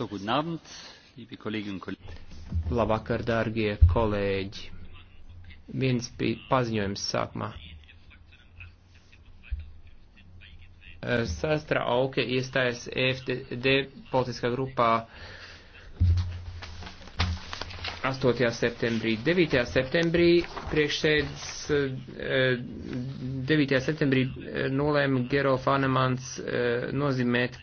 So, guten Abend, liebe Kolleginnen und Kollegen. Labvakar, dārgie kolēģi. Viens bija paziņojums sākumā. Sastra Auke iestājas EFD politiskā grupā 8. septembrī. 9. septembrī priekšsēdz 9. E, septembrī nolēma Gero Fanemans e, nozīmēt,